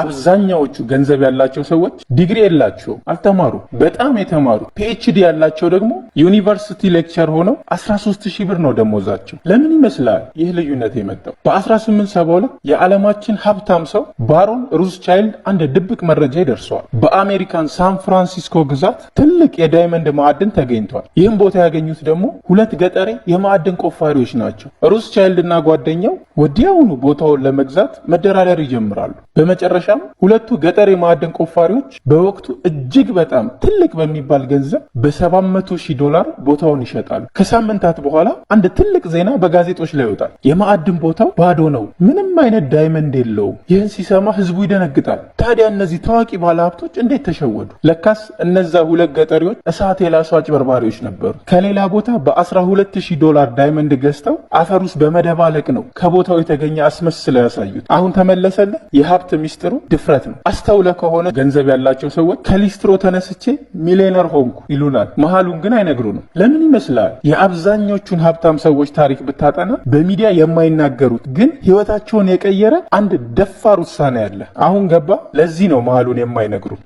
አብዛኛዎቹ ገንዘብ ያላቸው ሰዎች ዲግሪ የላቸውም፣ አልተማሩ። በጣም የተማሩ ፒኤችዲ ያላቸው ደግሞ ዩኒቨርሲቲ ሌክቸር ሆነው 13000 ብር ነው ደሞዛቸው። ለምን ይመስላል ይህ ልዩነት የመጣው? በ1872 የዓለማችን ሀብታም ሰው ባሮን ሩስቻይልድ አንድ ድብቅ መረጃ ይደርሰዋል። በአሜሪካን ሳን ፍራንሲስኮ ግዛት ትልቅ የዳይመንድ ማዕድን ተገኝቷል። ይህም ቦታ ያገኙት ደግሞ ሁለት ገጠሬ የማዕድን ቆፋሪዎች ናቸው። ሩስቻይልድ እና ጓደኛው ወዲያውኑ ቦታውን ለመግዛት መደራደር ይጀምራሉ። በመጨረሻም ሁለቱ ገጠሬ ማዕድን ቆፋሪዎች በወቅቱ እጅግ በጣም ትልቅ በሚባል ገንዘብ በ700 ዶላር ቦታውን ይሸጣሉ። ከሳምንታት በኋላ አንድ ትልቅ ዜና በጋዜጦች ላይ ይወጣል። የማዕድን ቦታው ባዶ ነው፣ ምንም አይነት ዳይመንድ የለውም። ይህን ሲሰማ ህዝቡ ይደነግጣል። ታዲያ እነዚህ ታዋቂ ባለሀብቶች እንዴት ተሸወዱ? ለካስ እነዛ ሁለት ገጠሪዎች እሳት የላሱ አጭበርባሪዎች ነበሩ። ከሌላ ቦታ በ12000 ዶላር ዳይመንድ ገዝተው አፈር ውስጥ በመደባለቅ ነው ከቦታው የተገኘ አስመስለው ያሳዩት። አሁን ተመለሰለ። የሀብት ሚስጥሩ ድፍረት ነው። አስተውለ ከሆነ ገንዘብ ያላቸው ሰዎች ከሊስትሮ ተነስቼ ሚሊዮነር ሆንኩ ይሉናል። መሀሉን ግን አይነ አይነግሩንም። ለምን ይመስላል? የአብዛኞቹን ሀብታም ሰዎች ታሪክ ብታጠና በሚዲያ የማይናገሩት ግን ህይወታቸውን የቀየረ አንድ ደፋር ውሳኔ አለ። አሁን ገባ። ለዚህ ነው መሃሉን የማይነግሩ